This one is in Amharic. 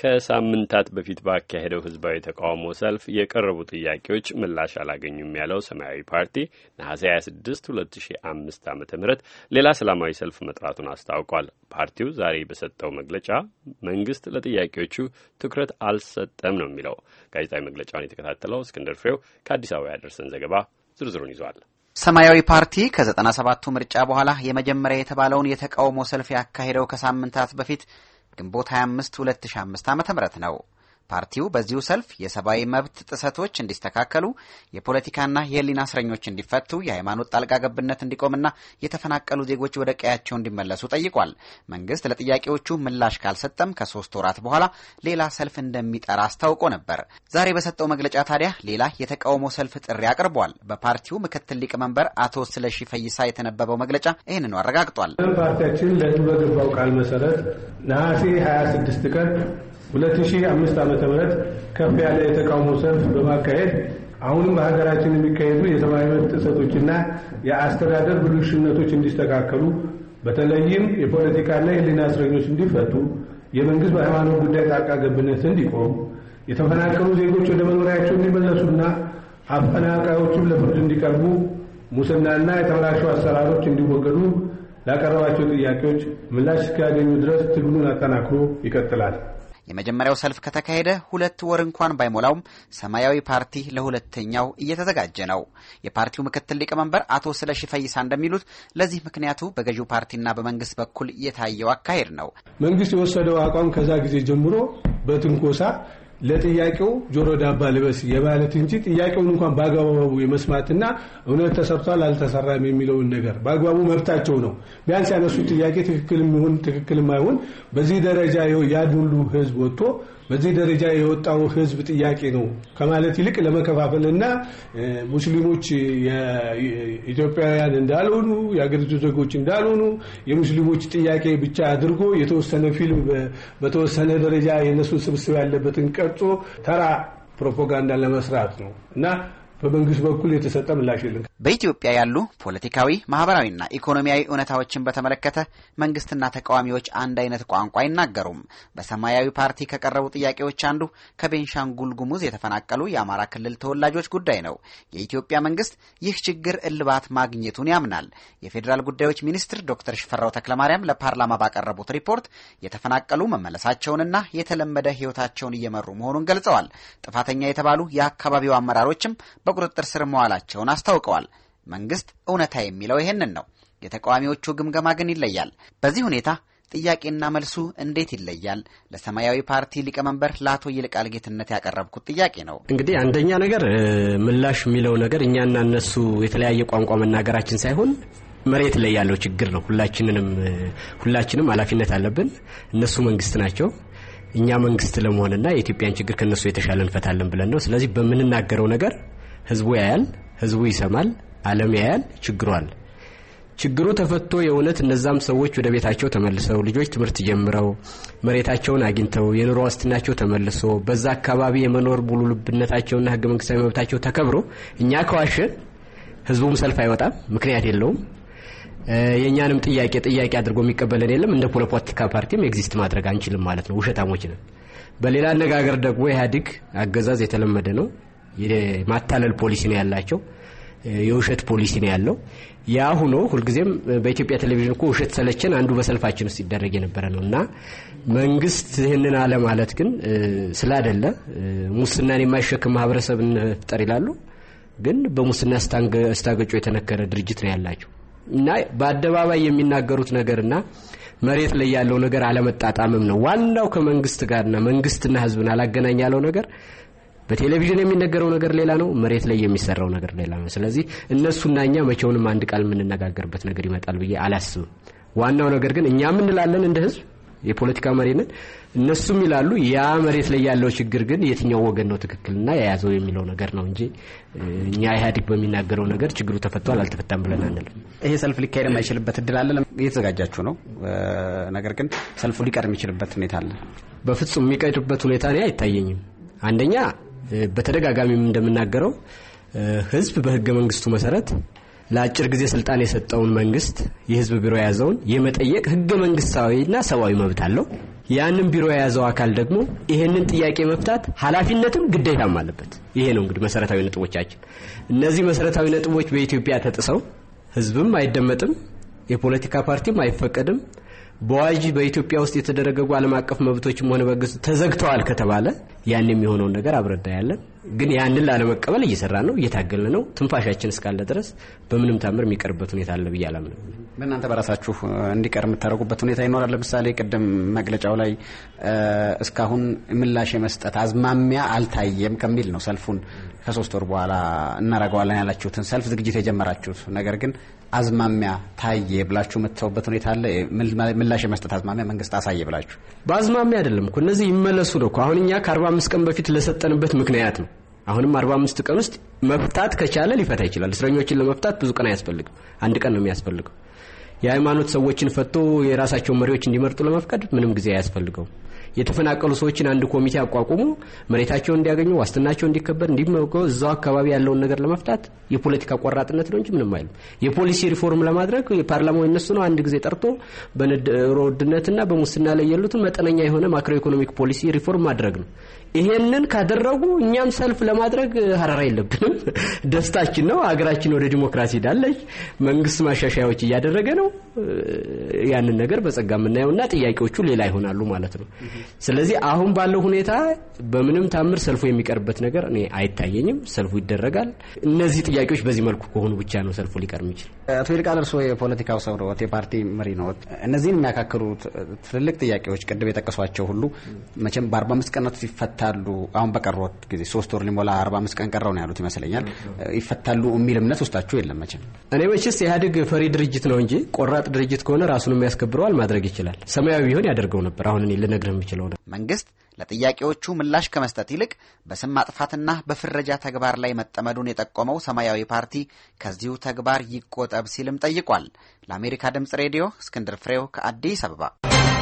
ከሳምንታት በፊት ባካሄደው ህዝባዊ ተቃውሞ ሰልፍ የቀረቡ ጥያቄዎች ምላሽ አላገኙም ያለው ሰማያዊ ፓርቲ ነሐሴ 26 2005 ዓ ም ሌላ ሰላማዊ ሰልፍ መጥራቱን አስታውቋል። ፓርቲው ዛሬ በሰጠው መግለጫ መንግስት ለጥያቄዎቹ ትኩረት አልሰጠም ነው የሚለው። ጋዜጣዊ መግለጫውን የተከታተለው እስክንድር ፍሬው ከአዲስ አበባ ያደርሰን ዘገባ ዝርዝሩን ይዟል። ሰማያዊ ፓርቲ ከዘጠና ሰባቱ ምርጫ በኋላ የመጀመሪያ የተባለውን የተቃውሞ ሰልፍ ያካሄደው ከሳምንታት በፊት ግንቦት 25 2005 ዓ ም ነው። ፓርቲው በዚሁ ሰልፍ የሰብአዊ መብት ጥሰቶች እንዲስተካከሉ፣ የፖለቲካና የሕሊና እስረኞች እንዲፈቱ፣ የሃይማኖት ጣልቃ ገብነት እንዲቆምና የተፈናቀሉ ዜጎች ወደ ቀያቸው እንዲመለሱ ጠይቋል። መንግስት ለጥያቄዎቹ ምላሽ ካልሰጠም ከሶስት ወራት በኋላ ሌላ ሰልፍ እንደሚጠራ አስታውቆ ነበር። ዛሬ በሰጠው መግለጫ ታዲያ ሌላ የተቃውሞ ሰልፍ ጥሪ አቅርቧል። በፓርቲው ምክትል ሊቀመንበር አቶ ስለሺ ፈይሳ የተነበበው መግለጫ ይህንኑ አረጋግጧል። ፓርቲያችን ለህዝብ በገባው ቃል መሰረት ነሐሴ 26 ቀን 2005 ዓ.ም ከፍ ያለ የተቃውሞ ሰልፍ በማካሄድ አሁንም በሀገራችን የሚካሄዱ የሰብአዊ መብት ጥሰቶችና የአስተዳደር ብልሽነቶች እንዲስተካከሉ በተለይም የፖለቲካና የህሊና እስረኞች እንዲፈቱ፣ የመንግስት በሃይማኖት ጉዳይ ጣልቃ ገብነት እንዲቆም፣ የተፈናቀሉ ዜጎች ወደ መኖሪያቸው እንዲመለሱና አፈናቃዮችም ለፍርድ እንዲቀርቡ፣ ሙስናና የተበላሹ አሰራሮች እንዲወገዱ ላቀረባቸው ጥያቄዎች ምላሽ እስኪያገኙ ድረስ ትግሉን አጠናክሮ ይቀጥላል። የመጀመሪያው ሰልፍ ከተካሄደ ሁለት ወር እንኳን ባይሞላውም ሰማያዊ ፓርቲ ለሁለተኛው እየተዘጋጀ ነው። የፓርቲው ምክትል ሊቀመንበር አቶ ስለሺ ፈይሳ እንደሚሉት ለዚህ ምክንያቱ በገዢው ፓርቲና በመንግስት በኩል የታየው አካሄድ ነው። መንግስት የወሰደው አቋም ከዛ ጊዜ ጀምሮ በትንኮሳ ለጥያቄው ጆሮ ዳባ ልበስ የማለት እንጂ ጥያቄውን እንኳን በአግባቡ የመስማትና እውነት ተሰርቷል አልተሰራም የሚለውን ነገር በአግባቡ መብታቸው ነው። ቢያንስ ያነሱት ጥያቄ ትክክልም ይሁን ትክክልም አይሁን በዚህ ደረጃ ያን ሁሉ ህዝብ ወጥቶ በዚህ ደረጃ የወጣው ህዝብ ጥያቄ ነው ከማለት ይልቅ ለመከፋፈል እና ሙስሊሞች ኢትዮጵያውያን እንዳልሆኑ የአገሪቱ ዜጎች እንዳልሆኑ የሙስሊሞች ጥያቄ ብቻ አድርጎ የተወሰነ ፊልም በተወሰነ ደረጃ የነሱ ስብስብ ያለበትን ቀርጾ ተራ ፕሮፓጋንዳ ለመስራት ነው እና በመንግስት በኩል የተሰጠ ምላሽ የለም። በኢትዮጵያ ያሉ ፖለቲካዊ ማህበራዊና ኢኮኖሚያዊ እውነታዎችን በተመለከተ መንግስትና ተቃዋሚዎች አንድ አይነት ቋንቋ አይናገሩም። በሰማያዊ ፓርቲ ከቀረቡ ጥያቄዎች አንዱ ከቤንሻንጉል ጉሙዝ የተፈናቀሉ የአማራ ክልል ተወላጆች ጉዳይ ነው። የኢትዮጵያ መንግስት ይህ ችግር እልባት ማግኘቱን ያምናል። የፌዴራል ጉዳዮች ሚኒስትር ዶክተር ሽፈራው ተክለማርያም ለፓርላማ ባቀረቡት ሪፖርት የተፈናቀሉ መመለሳቸውንና የተለመደ ህይወታቸውን እየመሩ መሆኑን ገልጸዋል። ጥፋተኛ የተባሉ የአካባቢው አመራሮችም በቁጥጥር ስር መዋላቸውን አስታውቀዋል። መንግስት እውነታ የሚለው ይህንን ነው። የተቃዋሚዎቹ ግምገማ ግን ይለያል። በዚህ ሁኔታ ጥያቄና መልሱ እንዴት ይለያል? ለሰማያዊ ፓርቲ ሊቀመንበር ለአቶ ይልቃል ጌትነት ያቀረብኩት ጥያቄ ነው። እንግዲህ አንደኛ ነገር ምላሽ የሚለው ነገር እኛና እነሱ የተለያየ ቋንቋ መናገራችን ሳይሆን መሬት ላይ ያለው ችግር ነው። ሁላችንንም ሁላችንም ኃላፊነት አለብን። እነሱ መንግስት ናቸው። እኛ መንግስት ለመሆንና የኢትዮጵያን ችግር ከእነሱ የተሻለ እንፈታለን ብለን ነው። ስለዚህ በምንናገረው ነገር ህዝቡ ያያል፣ ህዝቡ ይሰማል፣ ዓለም ያያል ችግሯል። ችግሩ ተፈቶ የእውነት እነዛም ሰዎች ወደ ቤታቸው ተመልሰው ልጆች ትምህርት ጀምረው መሬታቸውን አግኝተው የኑሮ ዋስትናቸው ተመልሶ በዛ አካባቢ የመኖር ሙሉ ልብነታቸውና ህገ መንግስታዊ መብታቸው ተከብሮ እኛ ከዋሸ ህዝቡም ሰልፍ አይወጣም፣ ምክንያት የለውም። የእኛንም ጥያቄ ጥያቄ አድርጎ የሚቀበለን የለም። እንደ ፖለቲካ ፓርቲም ኤግዚስት ማድረግ አንችልም ማለት ነው። ውሸታሞች ነን። በሌላ አነጋገር ደግሞ ኢህአዴግ አገዛዝ የተለመደ ነው። የማታለል ፖሊሲ ነው ያላቸው፣ የውሸት ፖሊሲ ነው ያለው። ያ ሁኖ ሁልጊዜም በኢትዮጵያ ቴሌቪዥን እኮ ውሸት ሰለቸን አንዱ በሰልፋችን ውስጥ ይደረግ የነበረ ነው እና መንግስት ይህንን አለ ማለት ግን ስላደለ ሙስናን የማይሸክም ማህበረሰብ እንፍጠር ይላሉ። ግን በሙስና እስታገጮ የተነከረ ድርጅት ነው ያላቸው እና በአደባባይ የሚናገሩት ነገርና መሬት ላይ ያለው ነገር አለመጣጣምም ነው ዋናው። ከመንግስት ጋርና መንግስትና ህዝብን አላገናኝ ያለው ነገር በቴሌቪዥን የሚነገረው ነገር ሌላ ነው፣ መሬት ላይ የሚሰራው ነገር ሌላ ነው። ስለዚህ እነሱና እኛ መቼውንም አንድ ቃል የምንነጋገርበት ነገር ይመጣል ብዬ አላስብም። ዋናው ነገር ግን እኛ ምንላለን እንደ ህዝብ የፖለቲካ መሪነት እነሱም ይላሉ። ያ መሬት ላይ ያለው ችግር ግን የትኛው ወገን ነው ትክክልና የያዘው የሚለው ነገር ነው እንጂ እኛ ኢህአዴግ በሚናገረው ነገር ችግሩ ተፈቷል አልተፈታም ብለን አንልም። ይሄ ሰልፍ ሊካሄድ የማይችልበት እድል አለ። እየተዘጋጃችሁ ነው፣ ነገር ግን ሰልፉ ሊቀር የሚችልበት ሁኔታ አለ። በፍጹም የሚቀርበት ሁኔታ እኔ አይታየኝም። አንደኛ በተደጋጋሚም እንደምናገረው ህዝብ በህገ መንግስቱ መሰረት ለአጭር ጊዜ ስልጣን የሰጠውን መንግስት የህዝብ ቢሮ የያዘውን የመጠየቅ ህገ መንግስታዊና ሰብአዊ መብት አለው። ያንን ቢሮ የያዘው አካል ደግሞ ይሄንን ጥያቄ መፍታት ኃላፊነትም ግዴታም አለበት። ይሄ ነው እንግዲህ መሰረታዊ ነጥቦቻችን። እነዚህ መሰረታዊ ነጥቦች በኢትዮጵያ ተጥሰው ህዝብም አይደመጥም፣ የፖለቲካ ፓርቲም አይፈቀድም፣ በአዋጅ በኢትዮጵያ ውስጥ የተደረገጉ ዓለም አቀፍ መብቶችም ሆነ በግስ ተዘግተዋል ከተባለ ያን የሚሆነውን ነገር አብረዳ ያለን ግን ያንን ላለመቀበል እየሰራ ነው፣ እየታገልን ነው። ትንፋሻችን እስካለ ድረስ በምንም ታምር የሚቀርበት ሁኔታ አለ ብዬ አላምንም። በእናንተ በራሳችሁ እንዲቀር የምታደርጉበት ሁኔታ ይኖራል። ለምሳሌ ቅድም መግለጫው ላይ እስካሁን ምላሽ የመስጠት አዝማሚያ አልታየም ከሚል ነው ሰልፉን ከሶስት ወር በኋላ እናደርገዋለን ያላችሁትን ሰልፍ ዝግጅት የጀመራችሁት ነገር ግን አዝማሚያ ታየ ብላችሁ የምትተውበት ሁኔታ አለ። ምላሽ የመስጠት አዝማሚያ መንግስት አሳየ ብላችሁ በአዝማሚያ አይደለም እኮ እነዚህ ይመለሱ ነው እኮ አሁን እኛ ከ ምስት ቀን በፊት ለሰጠንበት ምክንያት ነው። አሁንም አርባ አምስት ቀን ውስጥ መፍታት ከቻለ ሊፈታ ይችላል። እስረኞችን ለመፍታት ብዙ ቀን አያስፈልግም፣ አንድ ቀን ነው የሚያስፈልገው። የሃይማኖት ሰዎችን ፈቶ የራሳቸውን መሪዎች እንዲመርጡ ለመፍቀድ ምንም ጊዜ አያስፈልገውም። የተፈናቀሉ ሰዎችን አንድ ኮሚቴ አቋቁሞ መሬታቸውን እንዲያገኙ ዋስትናቸው እንዲከበር እንዲመገው እዛው አካባቢ ያለውን ነገር ለመፍታት የፖለቲካ ቆራጥነት ነው እንጂ ምንም አይሉም። የፖሊሲ ሪፎርም ለማድረግ የፓርላማው የነሱ ነው። አንድ ጊዜ ጠርቶ በኑሮ ውድነትና በሙስና ላይ ያሉትን መጠነኛ የሆነ ማክሮ ኢኮኖሚክ ፖሊሲ ሪፎርም ማድረግ ነው። ይሄንን ካደረጉ እኛም ሰልፍ ለማድረግ ሀረራ የለብንም። ደስታችን ነው። ሀገራችን ወደ ዲሞክራሲ ሄዳለች። መንግስት ማሻሻያዎች እያደረገ ነው። ያንን ነገር በጸጋ የምናየውና ጥያቄዎቹ ሌላ ይሆናሉ ማለት ነው። ስለዚህ አሁን ባለው ሁኔታ በምንም ታምር ሰልፉ የሚቀርበት ነገር እኔ አይታየኝም። ሰልፉ ይደረጋል። እነዚህ ጥያቄዎች በዚህ መልኩ ከሆኑ ብቻ ነው ሰልፉ ሊቀር የሚችል። አቶ ይልቃል እርስዎ የፖለቲካው ሰው ነዎት፣ የፓርቲ መሪ ነዎት። እነዚህን የሚያካክሉ ትልልቅ ጥያቄዎች ቅድም የጠቀሷቸው ሁሉ መቼም በ45 ቀናት ይፈታሉ። አሁን በቀረት ጊዜ ሶስት ወር ሊሞላ አምስት ቀን ቀረው ነው ያሉት ይመስለኛል። ይፈታሉ የሚል እምነት ውስጣችሁ የለም መቼም? እኔ መቼስ ኢህአዴግ ፈሪ ድርጅት ነው እንጂ ቆራጥ ድርጅት ከሆነ ራሱን የሚያስከብረዋል ማድረግ ይችላል። ሰማያዊ ቢሆን ያደርገው ነበር። አሁን እኔ ልነግርህ የሚችለው መንግስት ለጥያቄዎቹ ምላሽ ከመስጠት ይልቅ በስም ማጥፋትና በፍረጃ ተግባር ላይ መጠመዱን የጠቆመው ሰማያዊ ፓርቲ ከዚሁ ተግባር ይቆጠብ ሲልም ጠይቋል። ለአሜሪካ ድምጽ ሬዲዮ እስክንድር ፍሬው ከአዲስ አበባ